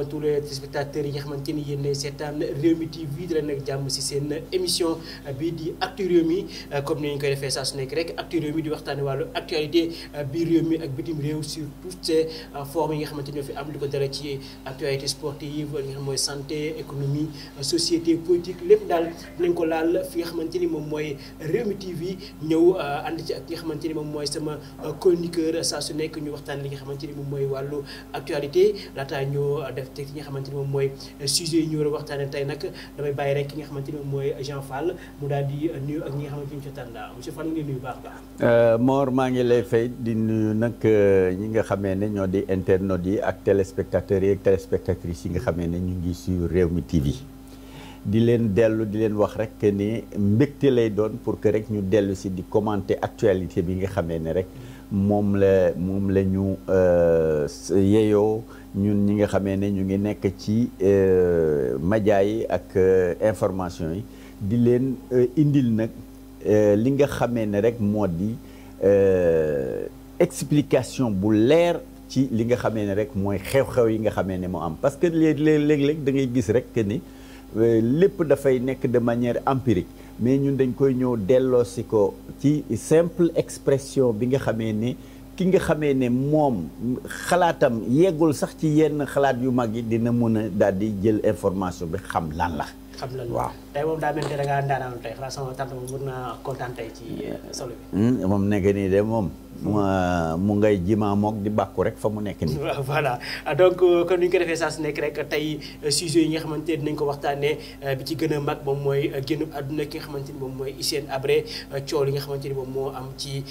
également tous les téléspectateurs yi nga xamante ni yéen lay seetaan Rewmi TV di la nag jàmm si seen émission bii di Actu Rewmi comme ni ñu koy defee saa su nekk fi am li ko dara ci actualité mooy santé économie société politique lépp daal dinañ ni moom mooy Rewmi TV ñëw euh, ànd ci ak ki nga xamante ni moom mooy sama euh, chroniqueur saa su nekk ñu waxtaan li nga xamante ni moom mooy wàllu actualité laataa ñu def te ki nga xamante ni moom mooy euh, sujet yi ñu war a waxtaane tey nag damay bàyyi rek ki nga xamante ni moom mooy Jean Fall mu daal di euh, nuyu ak ñi nga xamante ni ci tànn monsieur Fall ngi nuyu baax baax euh, Mor maa ngi lay fay di nuyu nag ñi nga xamee ne ñoo di internautes yi ak téléspectateurs yi ak yi nga xamee ne ñu ngi suivre Rewmi TV di leen dellu di leen wax rek ni mbégte lay doon pour que rek ñu dellu si di commenter actualité bi nga xamee ne rek moom la moom la ñu euh, yeyoo ñun ñi nga xamee ne ñu ngi nekk ci euh, média yi ak euh, information yi di leen indil nag li nga xamee ne rek moo di explication bu leer ci li nga xamee ne rek mooy xew-xew yi nga xamee ne moo am parce que léeg-léeg da gis rek que ni lépp dafay nekk de manière empirique mais ñun dañ koy ñëw delloosi ko ci simple expression bi nga xamee ne ki nga xamee ne moom xalaatam yeggul sax ci yenn xalaat yu mag yi dina mën a daal di jël information bi xam lan la. xam la waaw tey moom daa mel ni da ngaa daanaka tey moom naa kontaan ci euh, solo bi. Hmm, moom nekk nii de moom. mu ngay jima mook di bàkku rek fa mu nekk nii. voilà donc kon euh, ni ñu ko defee saa su nekk rek tey euh, sujet yi nga xamante dinañ ko waxtaanee euh, bi ci gën a mag moom mooy génn àdduna ki nga xamante ni moom mooy Hissène Habré coow li nga xamante ni moom moo am ci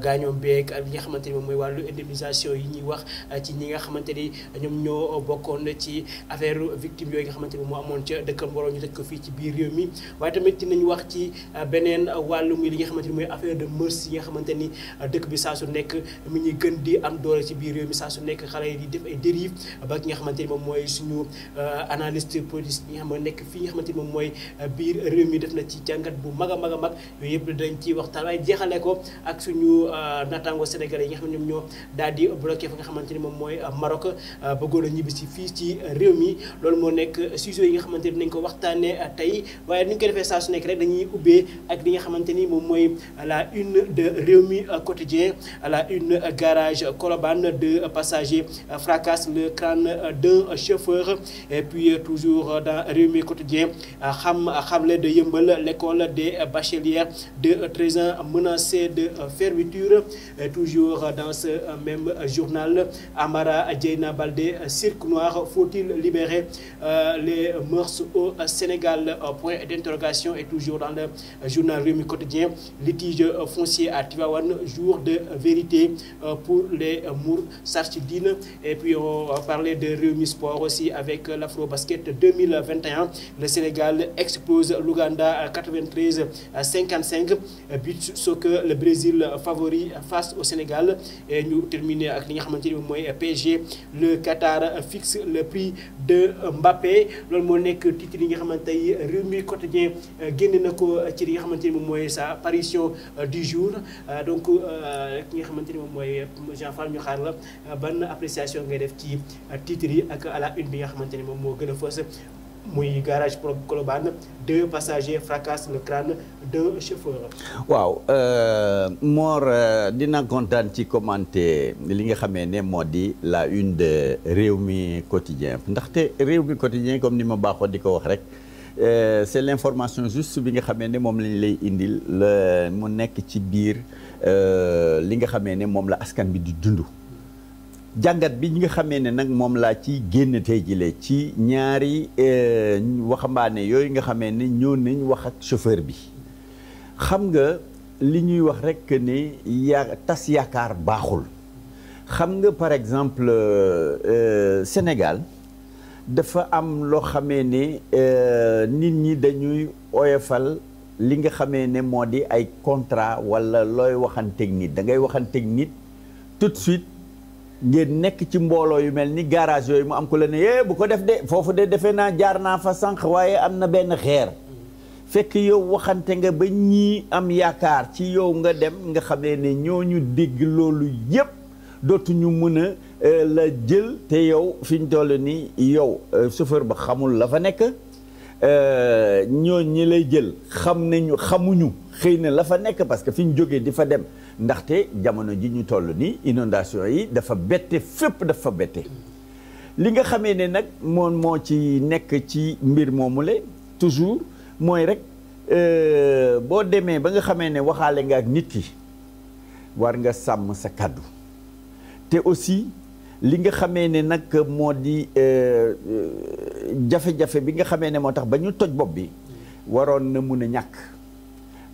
gaañoom beeg li nga xamante ni moom mooy wàllu indemnisation yi ñuy wax ci ñi nga xamante ni ñoom ñoo bokkoon ci affaire victime yooyu nga xamante ni moo amoon ca dëkkam borom ñu tëj ko fii ci biir réew mi waaye tamit dinañ wax ci beneen wàllu muy li nga xamante ni mooy affaire de mœurs yi nga xamante ni dëkk bi saa su nekk mu ñuy gën di am doole ci biir réew mi saa su nekk xale yi di def ay dérive ba ki nga xamante ni moom mooy suñu euh, analyste politique yi nga xam nekk fii nga xamante ni moom mooy euh, biir réew mi def na ci jàngat bu mag a mag a mag yooyu yëpp dañ ci waxtaan waaye jeexale ko ak suñu euh, naataango sénégalais yi nga xam ne ñoom ñoo daal di bloqué fa nga xamante ni moom mooy Maroc bëggoon a ñibbi si fii ci réew mi loolu moo nekk sujet yi nga xamante ni dinañ ko waxtaanee tey waaye ni ñu ko defee saa su nekk rek dañuy ubbee ak li nga xamante ni moom mooy la une de réew mi quotidien à la une garage Colobane deux passagers fracassent le crâne d'un chauffeur et puis toujours dans Rewmi Quotidien xam xamle de yëmbal l'école des bachelières de 13 ans menacée de fermeture toujours dans ce même journal Amara Dieyna Baldé cirque noir faut-il libérer euh, les mœurs au Sénégal point d'interrogation et toujours dans le journal Rewmi Quotidien litige foncier à Tivaouane jour de vérité euh, pour les euh, Mour-Sarchidines. Et puis on va parler de Réumi Sport aussi avec euh, l'Afro-Basket 2021. Le Sénégal explose l'Ouganda à 93 à 55 but ce que le Brésil favori face au Sénégal. Et ñu terminer ak li nga xamante ni mooy PSG le Qatar fixe le prix de Mbappé loolu moo nekk titre yi nga xamante ni Rewmi Quotidien génn na ko ci li nga xamante ni mooy sa parution du jour donc. ki nga xamante moom mooy Jean Fall ñu xaar la ban appréciation ngay def ci titre yi ak à la une bi nga xamante ni moom moo gën a fës muy garage pro Colobane deux passagers fracassent le crâne d'un chauffeur. waaw euh, Mor euh, dina kontaan ci commenter li nga xamee ne moo di la une de réew Rewmi Quotidien ndaxte réew Rewmi Quotidien comme ni ma baaxoo di ko wax rek euh, c'est l'information juste bi nga xamee ne moom lañ lay indil la mu nekk ci biir. Euh, li nga xamee ne moom la askan bi di dund jàngat bi ñi nga xamee ne nag moom laa ci génn tey jile ci ñaari euh, waxambaane yooyu nga xamee ne ñoo nañ wax ak chauffeur bi xam nga li ñuy wax rekk ne yaa tas yaakaar baaxul xam nga par exemple euh, Sénégal dafa am loo xamee ne nit ñi dañuy oyofal li nga xamee ne moo di ay contrat wala looy waxanteeg nit da ngay waxanteeg nit tout de suite ngeen nekk ci mbooloo yu mel ni garage yooyu mu am ko la ne eh, bu ko def de foofu de defe naa jaar naa fa sànq waaye am na benn xeer fekk yow waxante nga ba ñii am yaakaar ci yow nga dem nga xamee ne ñooñu dégg loolu yépp dootuñu mën a euh, la jël te yow fi ñu toll nii yow euh, chauffeur ba xamul la fa nekk. Euh, ñoo ñi lay jël xam nañu xamuñu xëy na la fa nekk parce que fi ñu jógee di fa dem ndaxte jamono ji ñu toll nii inondation yi dafa bette fépp dafa bette li nga xamee ne nag moom moo ci nekk ci mbir moomule toujours mooy rek euh, boo demee ba nga xamee ne waxaale nga ak nit ki war nga sàmm sa kàddu te aussi li nga xamee ne nag moo di euh, euh, jafe-jafe bi nga xamee ne moo tax ba ñu toj bopp bi waroon na mun a ñàkk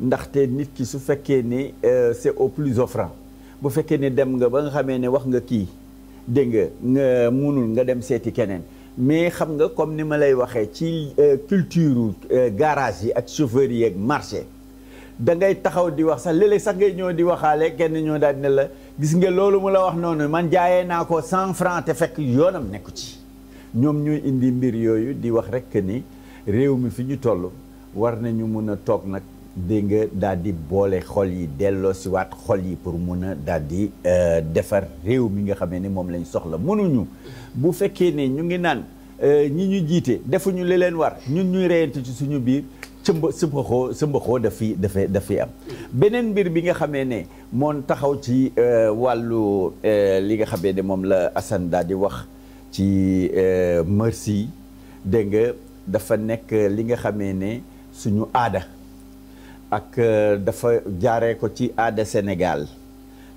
ndaxte nit ki su fekkee ne euh, c'est au plus offrant bu fekkee ne dem nga ba nga xamee ne wax nga kii dégg nga nga munul nga dem seeti keneen mais xam nga comme ni ma lay waxee ci culture garage yi ak chauffeur yi ak marché da ngay taxaw di wax sax léeg sax ngay ñëw di waxaale kenn ñoo daal ne la gis nga loolu mu la wax noonu man jaayee naa ko cent franc te fekk yoonam nekku ci ñoom ñuy indi mbir yooyu di wax rekk ni réew mi fi ñu toll war nañu mun a toog nag dégg nga daal di boole xol yi delloo si waat xol yi pour mun a daal di euh, defar réew mi nga xamee ni moom lañ soxla mënuñu bu fekkee ne ñu ngi naan euh, ñi ñu jiite defuñu li leen war ñun ñuy reyante ci suñu biir cëmba sëmbaxoo sëmbaxoo daf fi dafi daf am beneen mbir bi nga xamee ne moon taxaw ci euh, wàllu euh, li nga xamee ne moom la Assane daal di wax ci euh, merci dégg nga dafa nekk li nga xamee ne suñu aada ak dafa jaare ko ci aada senegal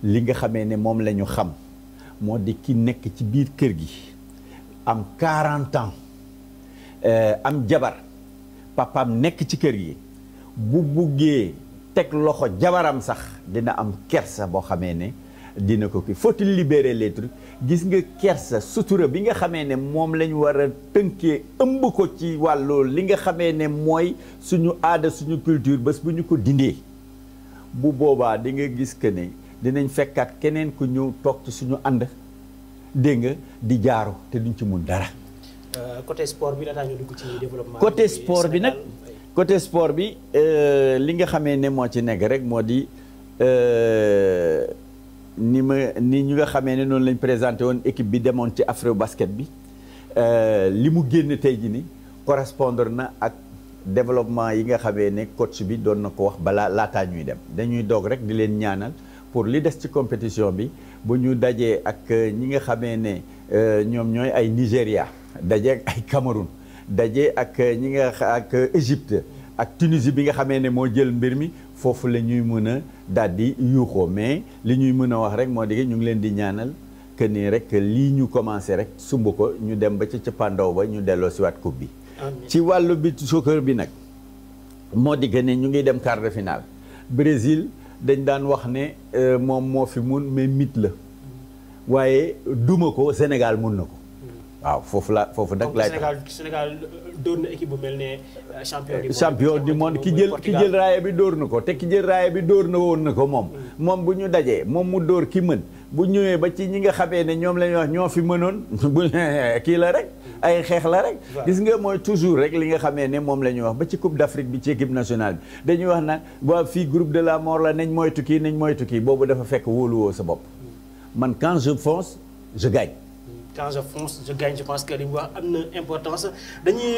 li nga xamee ne moom lañu xam moo di ki nekk ci biir kër gi am 40 ans am jabar papaam nekk ci kër gi bu buggee teg loxo jabaram sax dina am kersa boo xamee ne dina ko kii faut-il libérer gis nga kersa sutura bi nga xamee ne moom lañ war a tënkee ëmb ko ci wàllu li nga xamee ne mooy suñu aada suñu culture bés bu ñu ko dindee bu boobaa dinga gis que ne dinañ fekkaat keneen ku ñëw toog ci suñu ànd dégg di jaaru te duñ ci mun dara Euh, côté sport bi laata ñu dugg ci développement. côté sport bi nag côté sport bi euh, li nga xamee ne moo ci nekk rek moo di euh, ni ma ni ñi nga xamee ne noonu lañ présenté woon équipe bi demoon ci afro basket bi li mu génn tey ji ni correspondre na ak développement yi nga xamee ne coach bi doon na ko wax balaa laataa ñuy dem dañuy doog rek di leen ñaanal pour li des ci compétition bi bu ñu dajee ak ñi nga xamee ne ñoom ñooy ay Nigéria. daje ay Cameroun daje ak euh, ñi nga ak euh, Égypte ak Tunisie bi nga xamee ne moo jël mbir mi foofu la ñuy mën a daal di yuuxoo mais li ñuy mën a wax rek moo di ñu ngi leen di ñaanal que nii rek lii ñu commencé rek sumb ko ñu dem ba ca pandaw ba ñu delloo si waat coupe bi. ci wàllu bi kër bi nag moo di que ne ñu ngi dem quart de finale dañ daan wax ne euh, moom moo fi mun mais mit la mm. waaye duma ko Sénégal mun na ko. waaw foofu la foofu nag laay Sénégal Sénégal dóor na équipe bu mel ne euh, champion du monde jël ki bi dóor na ko te ki jël raaya bi dóor na woon na ko moom. Mm. moom bu ñu dajee moom mu dóor ki mën bu ñëwee ba ci ñi nga xamee ne ñoom la ñuy wax ñoo fi mënoon bu kii la rek ay xeex la rek. gis nga mooy toujours rek li nga xamee ne moom la ñuy wax ba ci Coupe d'Afrique bi ci équipe nationale bi dañuy wax nag waa fi groupe de la mort la nañ moytu kii nañ moytu kii boobu dafa fekk wóoluwoo sa bopp mm. man quand je fonce je gagne. quand je fonce je gagne je pense que li waa am na importance dañuy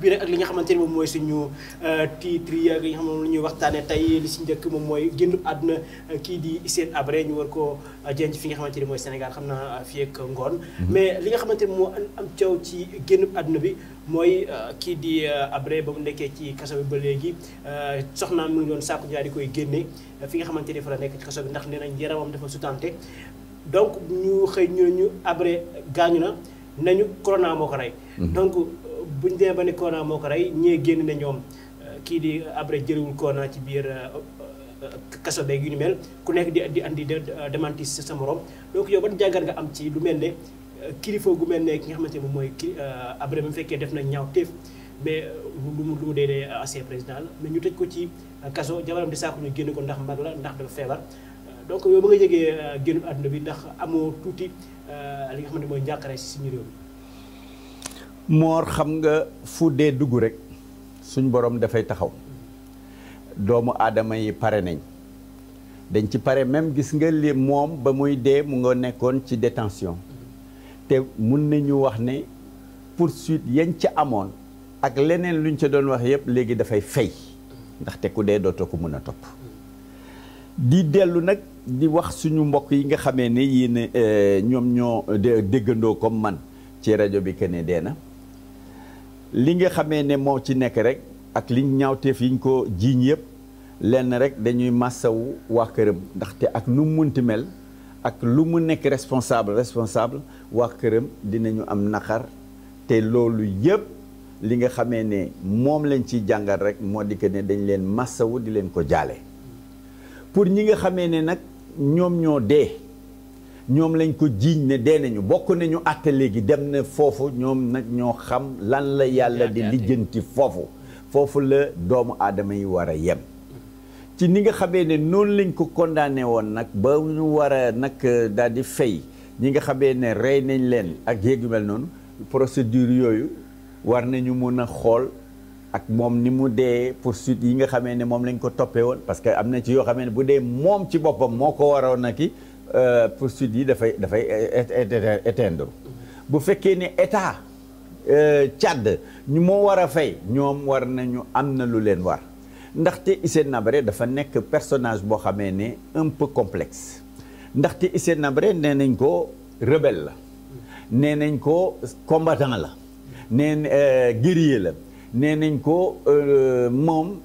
bi rek ak li nga xamante ni moom mooy suñu euh, titre yi ak li nga xam lu ñuy waxtaanee tey si njëkk moom mooy génn àdduna euh, kii di Hissène Habré ñu war ko euh, denc fi nga xamante ni mooy Sénégal xam naa fii ak ngoon. Mhm. mais li nga xamante ni moo am coow ci génn àdduna bi mooy kii di Habré ba mu nekkee ci kaso bi ba léegi soxnaam mu ngi doon sàkku ñaar di koy génne fi nga xamante ni fa la nekk ci kaso bi ndax nee nañ yaramam dafa sutante donc ñu xëy ñu ñu abre gaañu na nañu corona moo ko rey. Mhm. donc euh, buñ demee ba ne corona moo ko rey ñee génn na ñoom euh, kii di abré jëriwul corona ci biir euh, kaso beeg yu ni mel ku nekk di di andi démenti si sa morom donc yow ban jàngat nga am ci lu mel ne kilifa gu mel ne ki nga xamante ne moom mooy ki abré bu fekkee def na ñaaw téef mais lu mu lu mu dee dee ancien président la mais ñu tëj ko ci kaso jabaram di saako ñu génn ko ndax mag la ndax dafa feebar. donc yow ba nga jegee euh, génn àdduna bi ndax amoo tuuti euh, li nga xam ne mooy njàqare si suñu réew mi. moor xam nga fu dee dugg rek suñ borom dafay taxaw doomu aadama yi pare nañ dañ ci pare même gis nga li moom ba muy dee mu nga nekkoon ci détention te mun nañu wax ne poursuite yañ ci amoon ak leneen luñ ca doon wax yépp léegi dafay fay ndaxte ku dee dootoo ko mën a topp. di dellu nag di wax suñu mbokk yi nga xamee ne yéen eh, ñoom ñoo déggandoo comme man ci rajo bi que ne dee na li nga xamee ne moo ci nekk rek ak liñ ñaawteef yiñ ko jiiñ yëpp lenn rek dañuy màssawu waa këram ndaxte ak nu munti mel ak lu mu nekk responsable responsable waa këram dinañu am naqar te loolu yëpp li nga xamee ne moom lañ ciy jàngal rek moo di que ne dañ leen màssawu di leen ko jaale. pour ñi nga xamee ne nag ñoom ñoo dee ñoom lañ ko jiiñ ne dee nañu bokk nañu àtte léegi dem na foofu ñoom nag ñoo xam lan la yàlla di lijjanti foofu foofu la doomu aadama yi war a yem ci ni nga xamee ne noonu lañ ko kondaane woon nag ba ñu war a nag euh, daal di fay ñi nga xamee ne rey nañ leen ak yéeg noonu procédure yooyu war nañu mën a xool ak moom ni mu dee poursuite yi nga xamee ne moom lañ ko toppee woon parce que am na ci yoo xamee ne bu dee moom ci boppam moo ko waroon na ki euh, poursuite yi dafay dafay éteindre bu fekkee ne état euh, Tchad ñu moo war a fay ñoom war nañu am na lu leen war ndaxte Hissène Habré dafa nekk personnage boo xamee ne un peu complexe ndaxte Hissène Habré nee nañ ko rebelle la nee nañ ko combattant la nee euh, guerrier la nee nañ ko euh, moom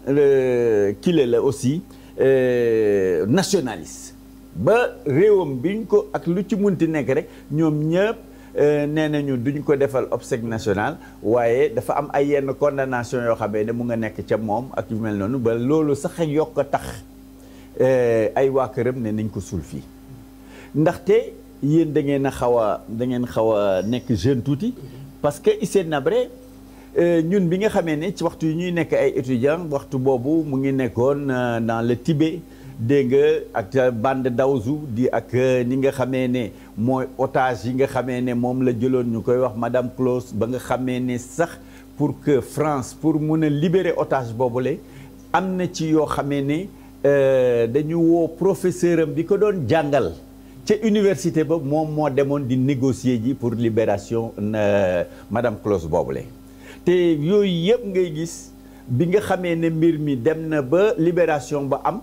kile la aussi euh, nationaliste ba réewam biñ ko ak lu ci munti nekk rek ñoom ñëpp euh, nee nañu duñ ko defal obsèque national waaye dafa am ay yenn condamnation yoo xamee ne mu nga nekk ca moom ak yu mel noonu ba loolu sax yokk a tax ay waa këram ne nañ ko suul fii ndaxte yéen da ngeen a xaw a da xaw a nekk jeune tuuti parce que Hissène Habré Euh, ñun bi nga xamee ne ci waxtu yi ñuy nekk ay étudiants waxtu boobu mu ngi nekkoon euh, dans le Tibet dégg nga ak bande Daouzou di ak euh, ñi nga xamee ne mooy otage yi nga xamee ne moom la jëloon ñu koy wax madame Claus ba nga xamee ne sax pour que France pour mun a libérer otage le am na ci yoo xamee ne dañu woo professeur am bi ko doon jàngal. ca université ba moom moo demoon di négocier ji pour libération madame boobu le te yooyu yëpp ngay gis bi nga xamee ne mbir mi dem na ba libération ba am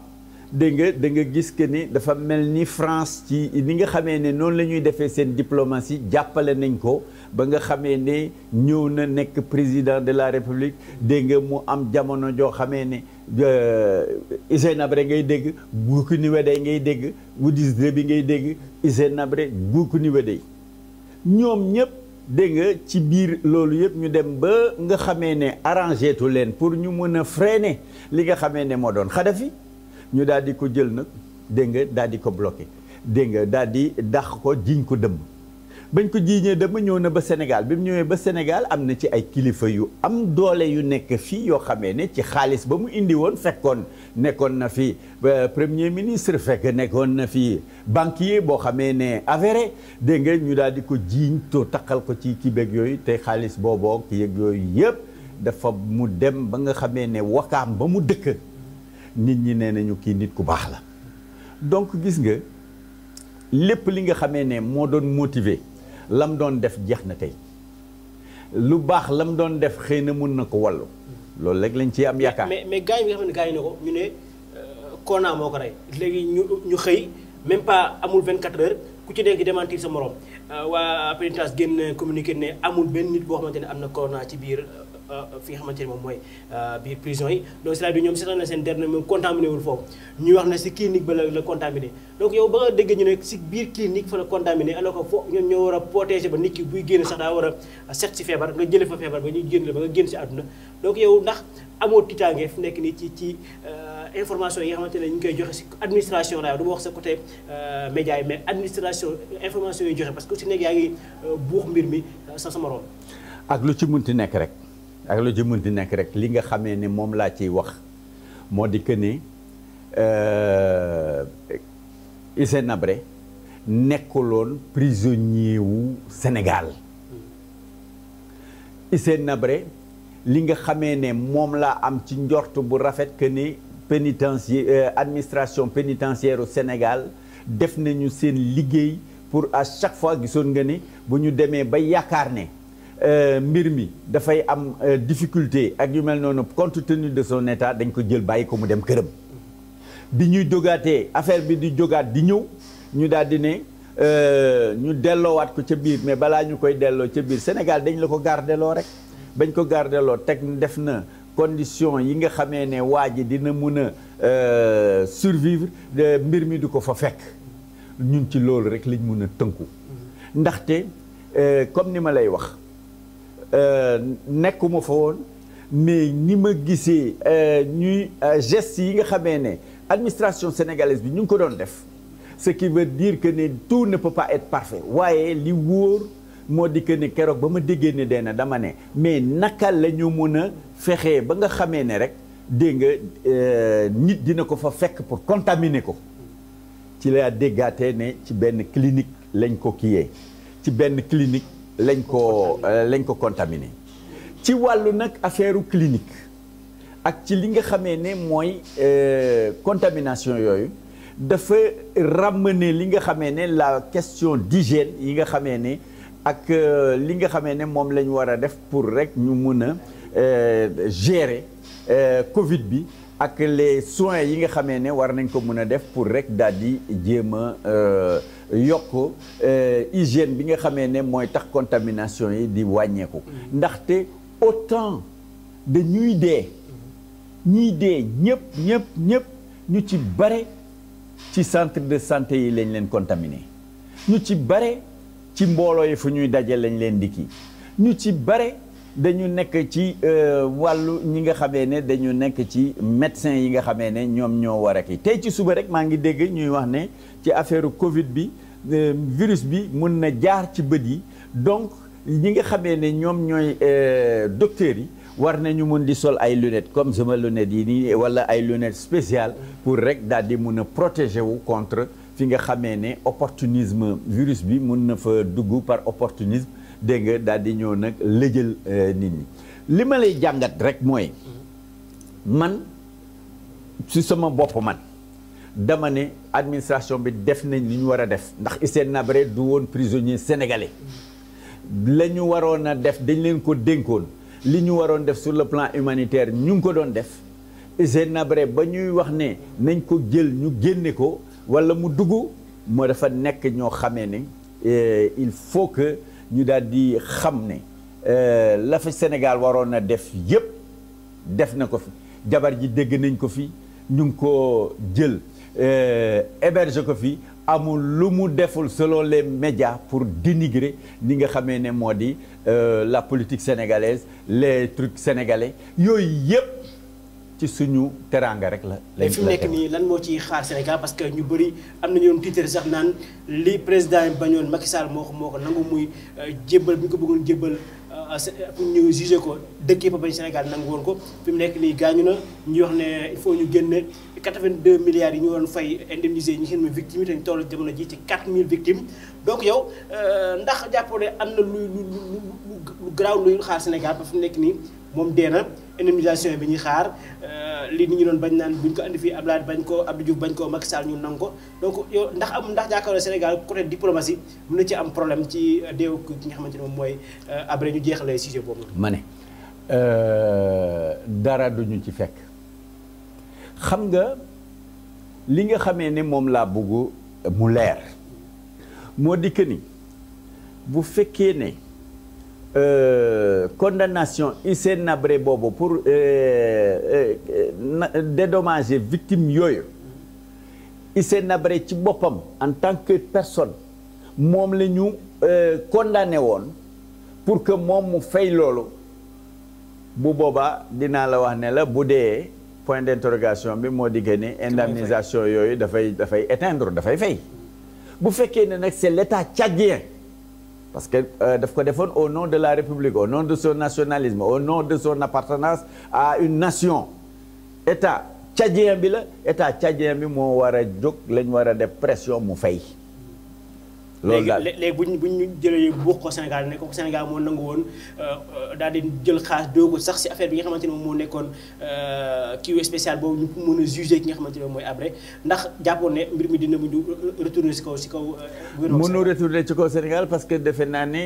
dégg nga da gis que ni dafa mel ni France ci ni nga xamee ne noonu la ñuy defee seen diplomatie jàppale nañ ko ba nga xamee ne ñëw na nekk président de la République dégg nga mu am jamono joo xamee ne euh, Hissène-Habré ngay dégg Goukouni-Weddey ngay dégg Wouldys Deby ngay dégg Hissène-Habré Goukouni-Weddey ñoom ñëpp. dégg nga ci biir loolu yëpp ñu dem ba nga xamee ne arrangé leen pour ñu mën a freiner li nga xamee ne moo doon Kadhafi ñu daal di ko jël nag dégg nga daal di ko bloqué dégg nga daal di dax ko jiñ ko dëmm bañ ko jiiñee dama ñëw na ba Sénégal bi mu ñëwee ba Sénégal am na ci ay kilifa yu am doole yu nekk fii yoo xamee ne ci xaalis ba mu indi woon fekkoon nekkoon na fi premier ministre fekk nekkoon na fi yi boo xamee ne avéré dégg nga ñu daal di ko jiiñ to takkal ko ci kii yooyu te xaalis booboo ki yeeg yooyu yëpp dafa mu dem ba nga xamee ne wakaam ba mu dëkk nit ñi nee nañu kii nit ku baax la donc gis nga lépp li nga xamee ne moo doon motiver. lam doon def jeex na tey lu baax lam doon def xëy na mun na ko wallu loolu rek lañ ci am yaakaar. mais mais gaañ bi nga xam ne gaañ na ko ñu ne euh, Kona moo ko rey léegi ñu ñu xëy même pas amul 24 heures ku ci nekk démentir sa morom euh, waa pénitence génn communiqué ne amul benn nit boo xamante ne am na Kona ci biir. fi nga xamante ne moom mooy euh, biir prison yi donc cela bi ñoom seetaan seen der na moom contaminé wul foofu ñuy wax na si clinique ba la la contaminé donc yow ba nga dégg ñu ne si biir clinique fa la contaminé alors que foo ñoo war a protéger ba nit ki buy génn sax daa war a set si feebar nga jële fa feebar ba ñuy génn la ba nga génn si àdduna donc yow ndax amoo tiitaange fu nekk nii ci ci euh, information yi nga xamante ne ñu koy joxe si administration laa du wax sa côté euh, média yi mais administration yi joxe parce que si nekk yaa ngi buux mbir mi sa sama rôle ak lu ci munti nekk rek ak lu ci mën di nekk rek li nga xamee ne moom laa ciy wax moo di que ne Hissène euh, Habré nekkuloon prisonnier wu Sénégal Hissène nabre li nga xamee ne moom laa am ci njort bu rafet que ni pénitencier euh, administration pénitentiaire au Sénégal def nañu seen liggéey pour à chaque fois gisoon nga ni bu ñu demee ba yaakaar ne Euh, mbir mi dafay am euh, difficulté ak yu mel noonu compte tenu de son état dañ ko jël bàyyi ko mu dem këram. bi ñuy jógaatee affaire bi di jógaat di ñëw ñu daal di ne euh, ñu delloowaat ko ca biir mais balaa ñu koy delloo ca biir Sénégal dañ la ko gardeloo rek. bañ ko gardeloo teg def na condition yi nga xamee ne waa ji dina mun a survivre mbir mi du ko fa fekk ñun ci loolu rek lañ mun a tënku. ndaxte comme ni ma lay wax. Euh, nekkuma fa woon mais ni ma gisee euh, ñuy euh, gestes yi nga xamee ne administration sénégalaise bi ñu ngi ko doon def ce qui veut dire que ne tout ne peut pas être parfait waaye li wóor moo di que ne keroog ba ma déggee ne dee na dama ne mais naka la ñu mën a fexee ba nga xamee ne rek dégg nga nit dina ko fa fekk pour contaminer ko ci laa déggaatee ne ci benn clinique lañ ko kiyee ci benn clinique lañ ko euh, lañ ko contaminé ci wàllu nag affaire clinique ak ci li nga xamee ne mooy euh, contamination yooyu dafa ramener li nga xamee ne la question d'hygiène yi nga xamee ne ak euh, li nga xamee ne moom la ñu war a def pour rek ñu mun a gérer Covid bi ak les soins yi nga xamee ne war nañ ko mun a def pour rek daal di jéem a euh, yokk euh, hygiène bi nga xamee ne mooy tax contamination yi di wàññeeku. Mm-hmm. ndaxte autant da ñuy dee. ñuy dee ñëpp ñëpp ñëpp ñu ci bare ci centre de santé yi lañ leen contaminé ñu ci bare ci mbooloo yi fu ñuy daje lañ leen di kii ñu ci bare dañu nekk ci euh, wàllu ñi nga xamee ne dañu nekk ci médecin yi nga xamee ne ñoom ñoo war a kii tey ci suba rek maa ngi dégg ñuy wax ne ci affaire Covid bi euh, virus bi mun na jaar ci bët yi donc ñi nga xamee ne ñoom ñooy euh, docteurs yi war nañu mun di sol ay lunettes comme sama lunettes yi nii wala ay lunettes spéciales pour rek daal di mun a protéger wu contre fi nga xamee ne opportunisme virus bi mun na fa dugg par opportunisme. dégg nga daal di ñëw nag lëjël euh, nit ñi li ma lay jàngat rek mooy man si sama bopp man dama ne administration bi def nañ li ñu war a def ndax Hissène Habré du woon prisonnier sénégalais la ñu waroon a def dañ leen ko dénkoon li ñu waroon def sur le plan humanitaire ñu ngi ko doon def Hissène Habré ba ñuy wax ne nañ ko jël ñu génne ko wala mu dugg moo dafa nekk ñoo xamee ne euh, il faut que ñu daal di xam ne euh, la fa Sénégal waroon na def yëpp def na ko fi jabar ji dégg nañ ko fi ñu ngi ko jël euh, héberge ko fi amul lu mu deful selon les médias pour dénigrer ni nga xamee ne moo di euh, la politique sénégalaise les trucs sénégalais yooyu yëpp ci suñu teraanga rek la. la fi mu nekk nii lan moo ciy xaar Sénégal parce que ñu bëri am na ñoom titre sax naan li président bañoon Macky Sall moo moo ko nangu muy euh, jébbal ñu ko bëggoon jébbal euh, pour ñu jugé ko dëkk yëpp bañ Sénégal nangu ko fi mu nekk nii gaañu na ñu wax ne il faut ñu génne 82 milliards yi ñu waroon fay indemniser ñi xam ne victimes yi dañu toll jamono ji ci 4000 victimes donc yow euh, ndax jàppoo am na lu lu lu lu garaaw luy xaar Sénégal ba fi mu nekk nii moom dee na indemnisation bi ñuy xaar euh, lii ni ñu doon bañ naan buñ ko andi fii Abdoulaye bañ koo Abdou Diouf bañ ko Macky Sall ñu nangu ko donc yow ndax am ndax jàkkaarloo Sénégal côté diplomatie mën na ci am problème ci euh, déew ki nga xamante ne mooy euh, après ñu jeexalee sujet boobu. ma ne dara duñu ci fekk xam nga li nga xamee ne moom laa bëgg mu leer moo di ni bu fekkee ne. Euh, condamnation Hissène Habré boobu pour euh, euh, dédommager victime yooyu Hissène Habré ci boppam en tant que personne moom la ñu condamné woon pour que moom mu fay loolu bu boobaa dinaa la wax ne la bu dee point d'interrogation bi moo di génne indemnisation yooyu dafay dafay éteindre dafay fay bu fekkee ne nag c'est l'état tchadien parce que euh, daf ko defoon au nom de la République au nom de son nationalisme au nom de son appartenance à une nation état tchadien bi la état tchadien bi moo war a jóg lañ war a def pression mu fay loolu daal léegi bu ñu bu ñu jëlee buux ko Sénégal ne ko Sénégal moo nangu woon euh, daal di jël xaas doo ko sax si affaire bi nga xamante ne moom moo nekkoon euh, kii spécial boobu ñu mën a jugé ki nga xamante mooy Habré ndax jàppoon ne mbir mi dina mu mujj retourner si kaw si kaw. Euh, mënu retourner ci kaw Sénégal parce que defe naa ni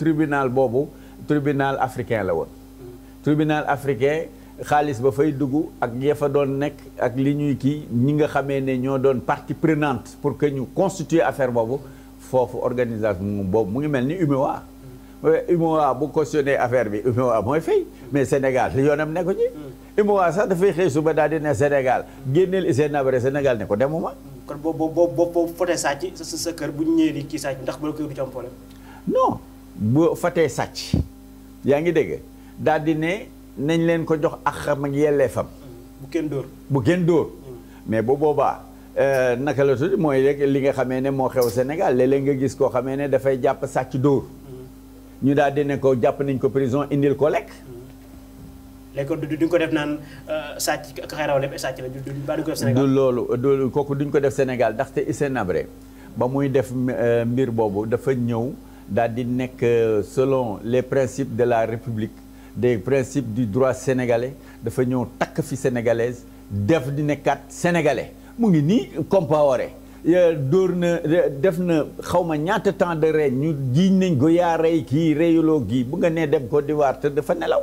tribunal boobu tribunal africain la woon. Mm-hmm. tribunal africain. xaalis ba fay dugg ak ya fa doon nekk ak li ñuy kii ñi nga xamee ne ñoo doon partie prenante pour que ñu constituer affaire boobu foofu organisation boobu mu ngi mel ni UMOA. UMOA bu cautionné affaire bi UMOA mooy fay mais Sénégal li yoonam nekku ci. UMOA sax dafay xëy suba daal di ne Sénégal génneel Hissène Habré Sénégal ne ko demuma. kon boobu boobu boobu fotee sàcc sa sa kër bu ñëw ñëwee di kii sàcc ndax bala ko du ci am problème. non bu fotee ngi dégg nañ leen ko jox ak xam ak yelleefam. bu kenn dóor bu kenn dóor. Hmm. mais bu boobaa euh, naka la tudd mooy rek li nga xamee ne moo xew Sénégal léeg-léeg nga gis koo xamee ne dafay jàpp sàcc dóor. Hmm. ñu daal di ne ko jàpp nañ ko prison indil ko lekk. Hmm. léegi kon duñ ko def naan euh, sàcc xeeraw lépp sàcc la duñ loolu du kooku duñ ko def Sénégal ndaxte Hissène abre ba muy def euh, mbir boobu dafa ñëw daal di nekk selon les principes de la République. des principes du droit sénégalais dafa ñëw takk fi sénégalaise def di nekkaat sénégalais mu ngi nii Compaoré dóor na def na xaw ma ñaata temps de règne ñu giiñ nañ ko yaa rey kii reyuloo kii bu nga nee dem Côte d'Ivoire te dafa nelaw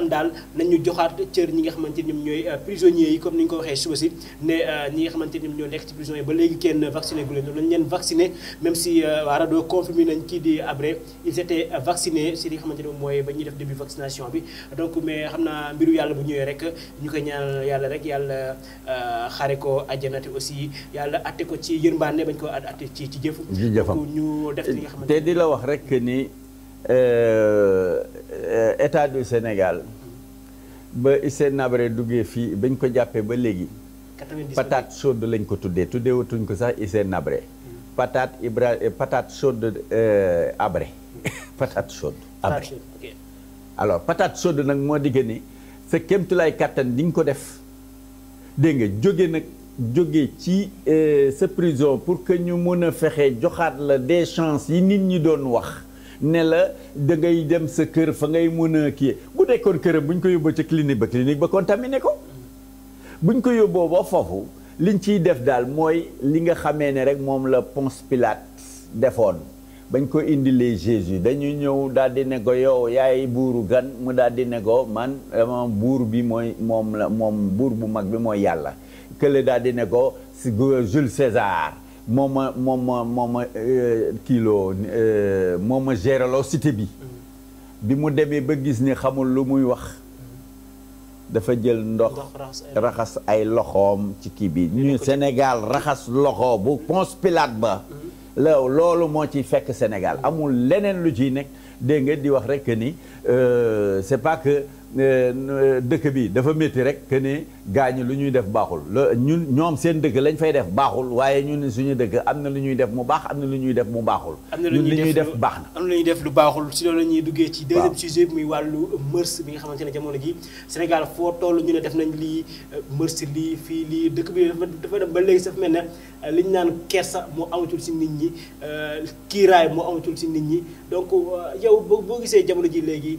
am daal nañu joxaat cër ñi nga xamante ni ñoom ñooy euh, prisonniers yi comme ni ñu ko waxee suba si ne euh, ñi nga xamante ni ñoom ñoo nekk ci prison ba léegi kenn vacciné gu leen lañ leen vacciné même si euh, waa rajo confirmé nañ di abré ils étaient si li nga xamante ni mooy ba ñuy def début vaccination bi donc mais xam naa mbiru yàlla bu ñëwee rek ñu koy ñaanal yàlla rek yàlla xare ko àjjanati aussi yàlla atte ko ci yërmbaane bañ ko atte ci ci jëf ñu def li nga xamante te di la wax rek ni Euh, euh, état du Sénégal ba Hissène Habré duggee fii bañ ko jàppee ba léegi. patate sod lañ ko tuddee watuñ ko sax Hissène Habré. Hmm. patate Ibra euh, patate chaude Habré patate chaude. sod alors patate chaude nag moo di gën ni sa kéemtulaay kattan di nga ko def dégg nga jóge nag. jóge ci sa prison pour que ñu mën a fexe joxaat la des chance yi nit ñi doon wax ne la da ngay dem sa kër fa ngay mën kii bu nekkoon këram bu ñu ko yóbboo ca clinique ba clinique ba ne ko buñ ko yóbboo ba foofu liñ ciy def daal mooy li nga xamee ne rek moom la Ponce Pilate defoon bañ ko indilee Jésus dañu ñëw daal di ne ko yow yaay buuru gan mu daal di ne ko man buur bi mooy moom la moom buur bu mag bi mooy yàlla kële daal di ne ko Jules César moom ma moom ma moom ma euh, kiiloo euh, moom ma bi mm-hmm. bi mu demee ba gis ni xamul lu muy wax mm-hmm. dafa jël ndox raxas ay loxoom ci kii bi ñu Sénégal raxas loxo bu Ponce Pilate ba mm-hmm. loolu moo ci fekk Sénégal amul leneen lu ci nekk dégg nga di wax rek ni euh, c'est pas que dëkk bi dafa métti rek que ne gaañ lu ñuy def baaxul la ñun ñoom seen dëkk lañ fay def baaxul waaye ñun suñu dëkk am na lu ñuy def mu baax am na lu ñuy def mu baaxul. am ñun li ñuy def baax na. am na lu ñuy def lu baaxul si loolu la ñuy duggee ci. deuxième sujet muy wàllu mërs bi nga xamante ne jamono ji Sénégal foo toll ñu ne def nañ lii euh, mërs lii fii lii dëkk bi dafa dem ba léegi sax mel na euh, li ñu naan kersa moo amatul si nit ñi euh, kiiraay moo amatul si nit ñi donc yow boo boo gisee jamono ji léegi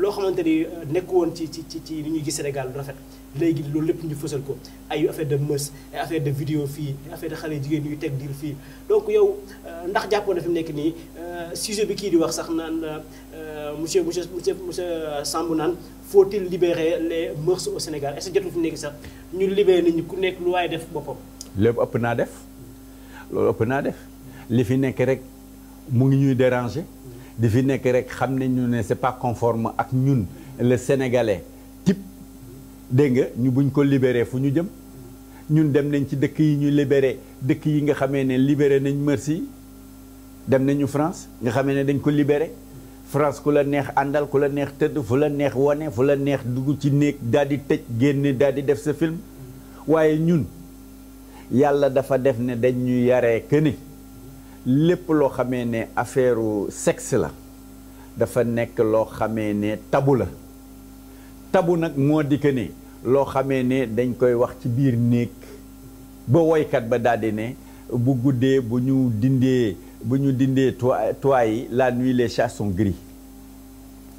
loo xamante ni nekk woon ci ci ci li ñuy gis Sénégal rafet léegi loolu lépp ñu fësal ko ay affaire de mœurs ay affaire de vidéo fii ay affaire de xale jigéen ñuy teg diir fii donc yow euh, ndax jàppoon na mu nekk nii euh, sujet bi kii di wax sax naan euh, monsieur monsieur monsieur monsieur Samb naan faut-il libérer les mœurs au Sénégal fi mu nekk sax ñu libérer nit ñu ku nekk lu waaye def boppam. lépp ëpp naa def loolu ëpp naa def li fi nekk rek mu ngi ñuy dérangé di fi nekk rek xam nañu ne c'est pas conforme ak ñun. le sénégalais type dégg nga ñu ko libéré fu ñu jëm ñun dem nañ ci dëkk yi ñu libéré dëkk yi nga xamee ne libéré nañ merci dem nañu France nga xamee ne dañ ko libéré France ku la neex àndal ku la neex tëdd fu la neex wane fu la neex dugg ci néeg daal di tëj génne daal di def sa film waaye ñun yàlla dafa def ne dañ ñu yaree que ni lépp loo xamee ne affaire sexe la dafa nekk loo xamee ne tabu la tabu nag moo di que ne loo xamee ne dañ koy wax ci biir néeg ba woykat ba daal di ne bu guddee bu ñu dindee bu ñu dindee toit yi la nuit les chats gris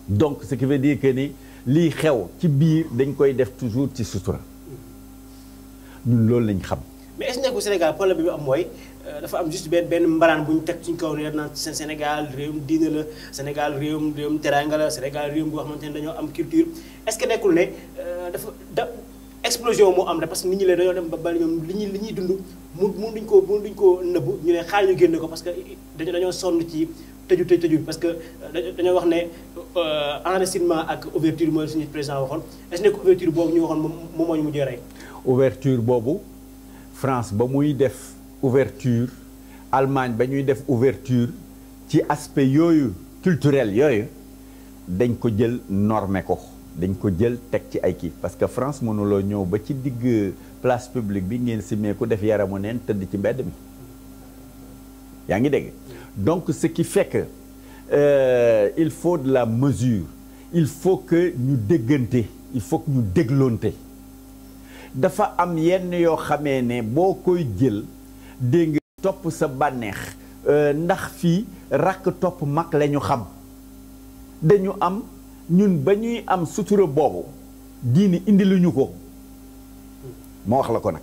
donc ce qui veut dire ni lii xew ci biir dañ koy def toujours ci sutura ñun loolu lañ xam. mais est-ce que Sénégal problème bi am mooy. Euh, dafa am juste benn benn mbaraan bu ñu teg suñ kaw ne naan seen Sénégal réewum diine la Sénégal réewum réewum teranga la Sénégal réewum boo xamante ne dañoo am culture est que nekkul ne euh, dafa da explosion moo am la parce que nit ñi la dañoo dem ba bari ñoom li ñuy li ñuy dund mu mënuñ koo mënuñ koo nëbb ñu ne xaar ñu parce que dañoo dañoo sonn ci tëju tëj parce que euh, dañoo wax ne enracinement ak ouverture mooy suñu président waxoon est-ce que nekk ouverture boobu ñu waxoon moom moo ñu mujjee rey ouverture boobu France ba muy def ouverture Allemagne ba ñuy def ouverture ci aspect yooyu culturel yooyu dañ ko jël normé ko dañ ko jël teg ci ay kii parce que France mënuloo ñëw ba ci digg place publique bi ngeen simee ku def yaramu neen tëdd ci mbedd mi yaa ngi dégg donc ce qui fait euh, il faut de la mesure il faut que ñu déggante il faut que ñu dégloonte dafa am yenn yoo xamee ne boo koy jël dégg topp sa bànneex euh, ndax fii rakk topp mag lañu xam dañu am ñun ba ñuy am sutura boobu diine indi luñu ko ma wax la ko nag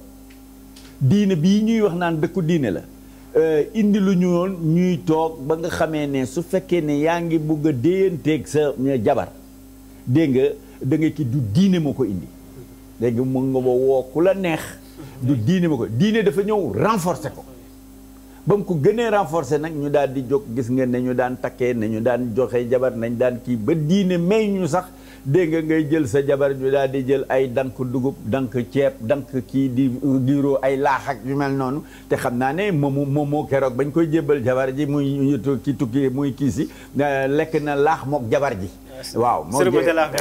diine bi ñuy wax naan dëkku diine la euh, indi lu ñu ñuy toog ba nga xamee ne su fekkee ne yaa ngi bugg a déyanteeg sa jabar dégg nga da nga du diine moo ko indi léegi mun nga ba woo ku la neex du diine ma ko diine dafa ñëw renforcer ko ba mu ko gënee renforcer nag ñu daal di jóg gis nga ne ñu daan takkee ne ñu daan joxe jabar nañ daan kii ba diine may ñu sax dégg nga ngay jël sa jabar ñu daal di jël ay dank dugub dank ceeb dank kii di euh, diiroo ay laax ak yu mel noonu te xam naa ne moomu moomoo keroog bañ koy jébbal jabar ji muy ki tukki muy kii si lekk na laax mook jabar ji waaw moom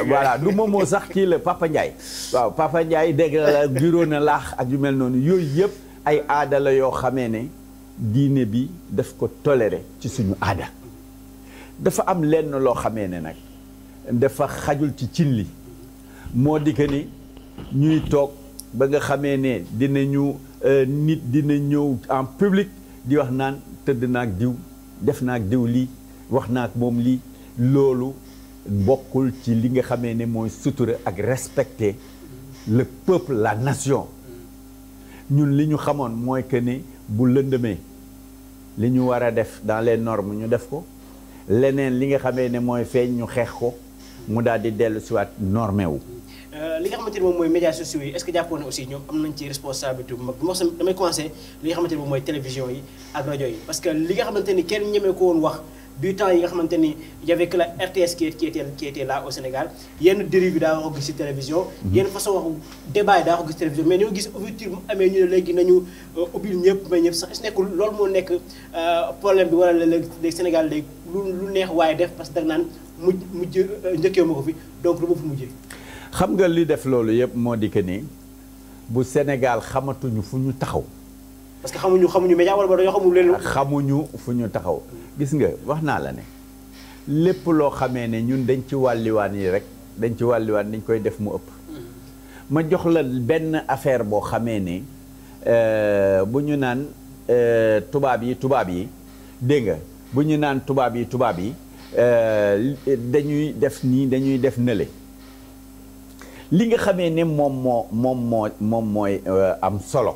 voilà du moomoo sax kii la Papa Ndiaye waaw Papa Ndiaye dégg la guró na laax ak yu mel noonu yooyu yëpp ay aada la yoo xamee ne diine bi daf ko tolere ci suñu aada dafa am lenn loo xamee ne nag dafa xajul ci cin li moo di que ni ñuy toog ba nga xamee ne dina dinañu euh, nit dina ñëw en public di wax naan tëdd naag diw def na ak diw lii wax naag moom lii loolu bokkul ci li nga xamee ne mooy sutura ak respecter le peuple la nation ñun li ñu xamoon mooy que ni bu lëndëmee li ñu war a def dans les normes ñu def ko leneen li nga xamee ne mooy feeñ ñu xeex ko mu daal di dellu siwaat normé wu euh, li nga xamante ne moom mooy médias sociaux yi est-ce que jàppoon ne aussi ñoom am nañ ci responsabilité bu mag bu ma damay commencé li nga xamante ne moom mooy télévision yi ak rajo yi parce que li nga xamante ni kenn ñemee koo woon bu temps yi nga xamante ni y avait la RTS qui qui était qui Sénégal yenn dérive daa wax ko gis ci télévision mhm. yenn façon waxu débat yi daa wax ko gis télévision mais ñoo gis ouverture bu amee ñu ne léegi nañu euh, ubbil ñëpp mais ñëpp sax est nekkul loolu moo nekk euh, problème bi wala léegi Sénégal léegi lu lu neex waaye def parce que dag naan mujj mujj euh, njëkkee ma ko fi donc lu ma fi mujjee xam nga li def loolu yëpp moo di que ni bu Sénégal xamatuñu fu ñu taxaw parce que xamuñu xamuñu média wala dañoo xamul leen. xamuñu fu ñu taxaw. gis nga wax naa la ne lépp loo xamee ne ñun dañ ci wàlliwaan yi rek dañ ci wàlliwaan dañ koy def mu ëpp. Mm-hmm. ma jox la benn affaire boo xamee ne bu ñu naan tubaab yi tubaab yi dégg nga bu naan tubaab yi tubaab yi dañuy def nii dañuy def nële. li nga xamee ne moom moom moo moom mooy euh, am solo.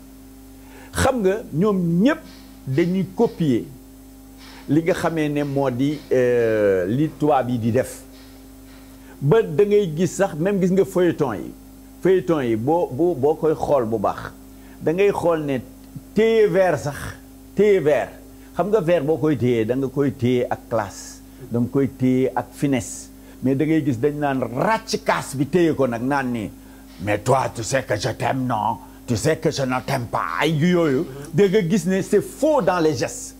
xam nga ñoom ñëpp dañuy copier li nga xamee ne moo di euh, li tubaab yi di def ba da ngay gis sax même gis nga feuilleton yi feuilleton yi boo boo boo koy xool bu baax da ngay xool ne téye verre sax téye verre xam nga ver boo koy téyee da nga koy téye ak classe da koy téye ak finesse mais da ngay gis dañ naan ràcc kaas bi téye ko nag naan ni mais toi tu sais que je non tu sais que je ne t'aime pas yooyu da gis ne c'est faux dans les gestes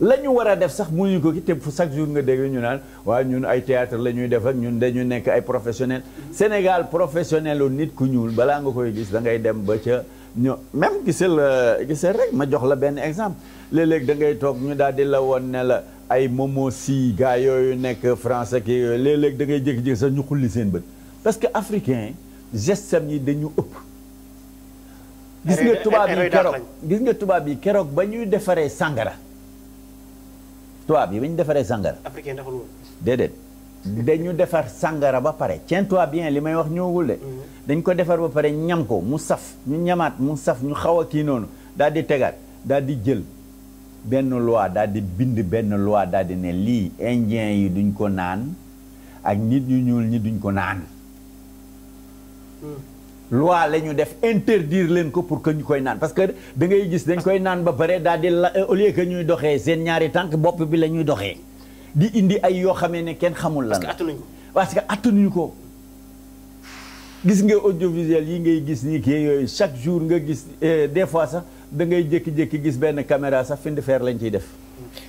la ñu war a def sax ñu ko ki te chaque jour nga dégg ñu naan waaw ñun ay théâtre la ñuy def ak ñun dañu nekk ay professionnel Sénégal professionnel u nit ku ñuul balaa nga koy gis da ngay dem ba ca ñu même gisal euh, gisal rek ma jox la benn exemple léeg-léeg da ngay toog ñu daal di la woon ne la ay momo si gars yooyu nekk français ki yooyu léeg-léeg da ngay jékki-jékki sax ñu xulli seen bët parce que africain gis nga tubaab yi keroog gis nga tubaab yi keroog ba ñuy defaree sàngara tubaab yi ba ñu defaree sàngara déedéet dañu defar sàngara ba pare tiens-toi bien li may wax ñëwul de mhm. dañ ko defar ba pare ñam ko mu saf ñu ñamaat mu saf ñu xaw a kii noonu daal di tegaat daal di jël benn loi daldi bind benn loi daal di ne lii indien yi duñ ko naan ak nit ñu ñuul ñi duñ ko naan mhm. loi la ñu def interdire leen ko pour que ñu koy naan parce que da ngay gis dañ koy naan ba pare daal di la euh, au lieu que ñuy doxee seen ñaari tànk bopp bi la ñuy doxee di indi ay yoo xamee ne kenn xamul lan la parce que attanuñu ko gis nga audiovisuel yi ngay gis nii kii yooyu chaque jour nga gis euh, des fois sax da ngay jékki gis benn kamera sax fin de fer lañ ciy def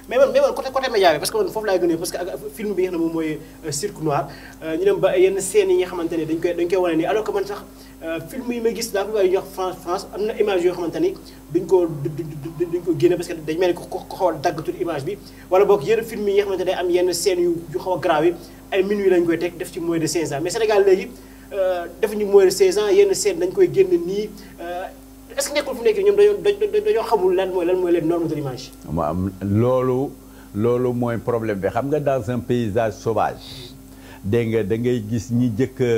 mais man mais man côté côté média bi parce que man foofu laay gënee parce que ak film bi nga xam ne moom mooy euh, cirque noir euh, ñu dem ba yenn scènes yi nga xamante ne dañ koy dañ koy wane nii alors que man sax euh, film yi ma gis daa koy wax France France am na image yoo xamante ni duñ ko duñ ko génne parce que dañ mel ni ko xaw a daggatul image bi wala boog yenn film yi nga xamante ne day am yenn scènes yu yu xaw a grave yi ay minuit lañ koy teg def ci moins de 15 ans mais Sénégal léegi defuñu moins de 16 ans yenn scènes dañ koy génn nii est-ce que nekkul fu nekkee ñoom dañoo dañoo xamul lan mooy lan mooy les normes de am loolu loolu mooy problème bi xam nga dans un paysage sauvage dégg nga da ngay gis ñi jëkk a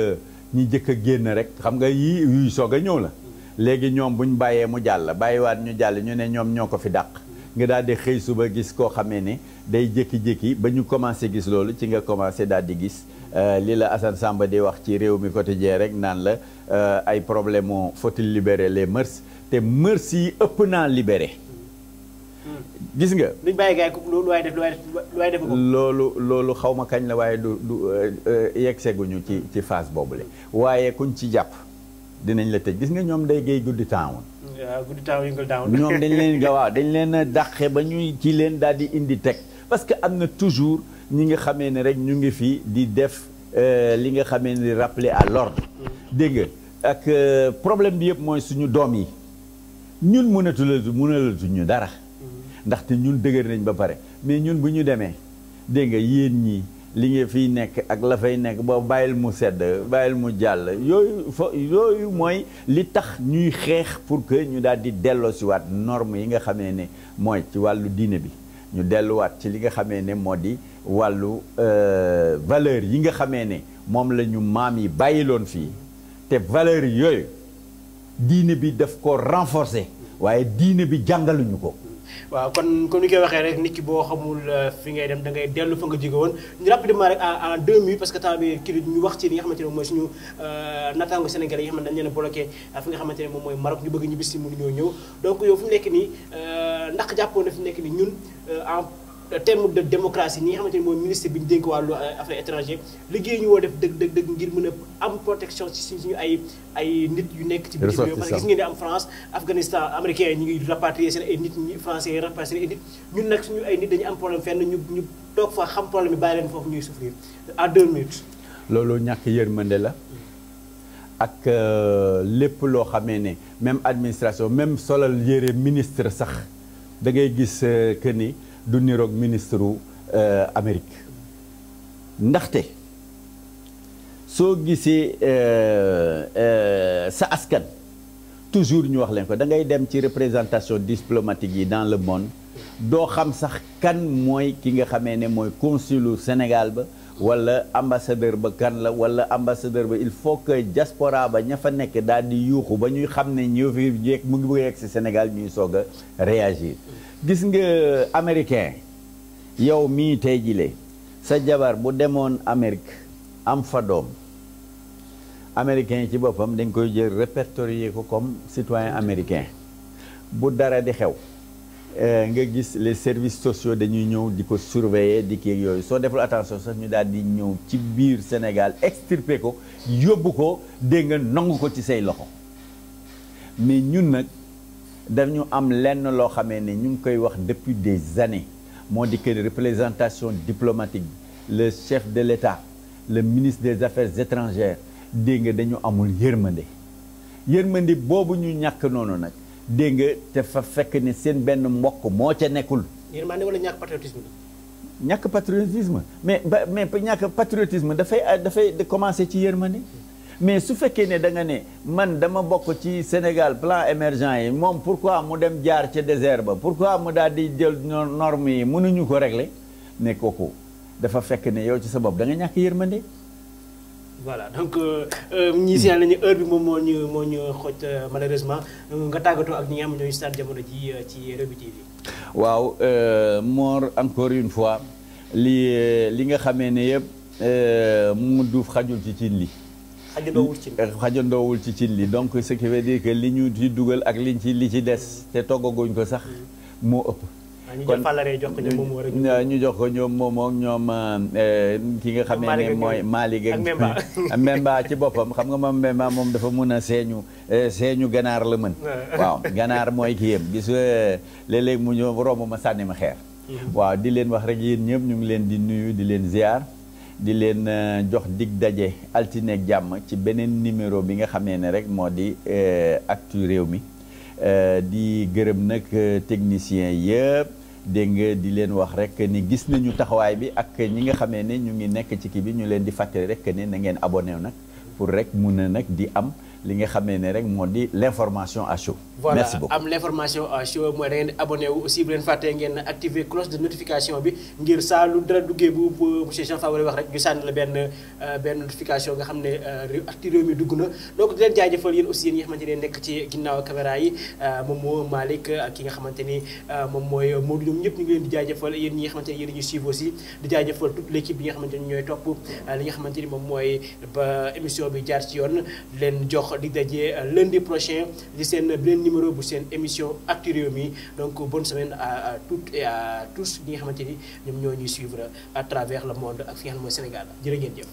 ñi jëkk a génn rek xam nga yii yuy soog a ñëw la léegi ñoom bu ñu bàyyee mu jàll bàyyiwaat ñu jàll ñu ne ñoom ñoo ko fi dàq. nga daal di xëy suba gis koo xamee ne day jékki-jékki ba ñu commencé gis loolu ci nga commencé daal di gis euh, li la Assane Samba di wax ci réew mi quotidien rek naan la euh, ay problème moo faut-il libérer les mœurs te mœurs yi ëpp naa libéré gis nga. duñ bàyyi gaay ku loolu loolu xawma kañ la waaye du du euh, yegg seguñu ci ci phase boobule waaye kuñ ci jàpp. dinañ la tëj gis nga ñoom day géey guddi town guddi town yëngal ñoom dañ leen nga waaw dañ leen a ba ñuy ci leen daal di indi teg parce que am na toujours ñi nga xamee ne rek ñu ngi fi di def euh, li nga xamee ni rappeler à l'ordre mm. dégg nga ak euh, problème bi yëpp mooy suñu doom yi ñun mënatulatu mënalatuñu dara mm. ndaxte ñun dëgër nañ ba pare mais ñun bu ñu demee dégg nga yéen ñii li nga fiy nekk ak la fay nekk ba bàyyil mu sedd bàyyil mu jàll yooyu fa yooyu mooy li tax ñuy xeex pour que ñu daal di delloosiwaat normes yi nga xamee ne mooy ci wàllu diine bi ñu delluwaat ci li nga xamee ne moo di wàllu euh, valeur yi nga xamee ne moom la ñu maam yi bàyyiloon fii te valeur yooyu diine bi daf ko renforcer waaye diine bi jàngaluñu ko waaw kon kon ni koy waxee rek nit ki boo xamul euh, fi ngay dem da ngay dellu fa nga jóge woon ñu rapidement rek en deux parce que temps bi kii ñu wax ci li nga xamante ne mooy suñu euh, nattaango sénégalais yi nga xamante dañ leen bloqué euh, fi nga xamante ne moom mooy Maroc ñu bëgg ñibbisi mënuñoo ñëw donc yow fu mu nekk nii ndax jàppoon na mu nekk nii ñun en Euh, terme de démocratie ñi nga xamante ni mooy ministre bi ñu dénk wàllu euh, affaires étrangères liggéey ñu woo def dëgg dëgg dëgg ngir mën a am protection ci suñu ay nit yu nekk ci bitim réew parce que gis ngeen ne am France Afghanistan américain yi ñu ngi rapatrier seen ay nit ñi nag suñu ay nit dañu am problème fenn ñu ñu toog fa xam problème bi bàyyi leen foofu ñuy souffrir à deux loolu ñàkk yërmande la ak euh, lépp loo xamee ne même administration même solal yére ministre sax da ngay gis que ni du niroog ministre u euh, Amérique ndaxte soo gisee euh, euh, sa askan toujours ñu wax leen ko da ngay dem ci représentation diplomatique yi dans le monde doo xam sax kan mooy ki nga xamee ne mooy consul Sénégal ba wala ambassadeur ba kan la wala ambassadeur ba il faut que diaspora ba ña fa nekk daal di yuuxu ba ñuy xam ne ñëw fi mu ngi bëgg a yegg si Sénégal ñuy soog a réagir gis nga americain yow mii tey jile sa jabar bu demoon Amérique am fa doom américain yi ci boppam dañ koy jël répertorier ko comme citoyen americain bu dara di xew Euh, nga gis les services sociaux dañuy ñëw di ko surveiller di kii yooyu soo deful attention sax ñu daal di ñëw ci biir Sénégal extirper ko yóbbu ko dénga nangu ko ci say loxo mais ñun nag dañu am lenn loo xamee ne ñu ngi koy wax depuis des années moo di que représentation diplomatique le chef de l'État le ministre des affaires étrangères dégg nga dañu amul yërmande yërmande boobu ñu ñàkk noonu nag. dégg nga te fa fekk ni seen benn mbokk moo ca nekkul. yërmande wala ñàkk patriotisme bi. ñàkk patriotisme mais ba mais ñàkk patriotisme dafay dafay commencer ci yërmande. mais su fekkee ne da ne man dama bokk ci Sénégal plan émergent yi moom pourquoi mu dem jaar ca désert ba pourquoi mu daal di jël norme yi mënuñu ko regle ne kooku dafa fekk ne yow ci sa bopp da nga ñàkk yërmande. voilà donc euh, euh, ñii si nañu heure bi moom moo ñu moo ñu xoj euh, malheureusement nga tàggatoo ak ñi nga xam ñooy star jamono ji ci Rewmi TV. waaw Mor encore une fois li li nga xamee ne yëpp mu duuf xajul ci cin li. xajandoowul ci xajandoowul ci cin li donc ce qui veut dire que li ñu ci dugal ak li ci li ci des te toggaguñ ko sax mm. moo ëpp. kon ñu jox ko ñoom moomoo ak eh, eh, ki nga xam ne mooy Malick ak Memba ci boppam xam nga moom Memba moom dafa mun a seeñu eh, seeñu ganaar la mën waaw ganaar mooy ki yem gis léeg-léeg mu ñëw romb ma sànni ma xeer mm-hmm. waaw di leen wax rek yéen ñëpp ñu ngi leen di nuyu di leen ziar di leen jox digg daje altineeg jàmm ci beneen numéro bi nga xamee ne rek moo di actu réew mi di gërëm nag technicien yëpp dégg nga di leen wax rek ni gis nañu taxawaay bi ak ñi nga xamee ne ñu ngi nekk ci kii bi ñu leen di fàttali rek ne na ngeen abonné nag pour rek mun na nag di am. li nga xam ne ne rek moo di l'information à chaud. Voilà, am l'information à chaud mooy da ngeen aussi bu leen fàttee ngeen activer cloche de notification bi ngir saa lu dara duggee bu monsieur Jean Favre wax rek ñu sànni la benn euh, benn notification nga xam ne euh, acti réew mi dugg na donc di leen jaajëfal yéen aussi yéen ñi nga xamante ne nekk ci ginnaaw caméra yi euh, moom moo Malick ki nga xamante ni moom mooy Modou ñoom ñëpp ñu ngi leen di jaajëfal yéen ñi nga xamante ne yéen aussi di jaajëfal toute l'équipe bi nga xamante ni ñooy topp li ni moom mooy ba bi jaar ci yoon leen jox di daje euh, lundi prochain di seen beneen numéro bu seen émission Actu Rewmi donc bonne semaine à toutes et à tous ñi nga xamante ni ñoom ñoo ñuy suivre à travers le monde ak fi nga Sénégal jërë ngeen jëf.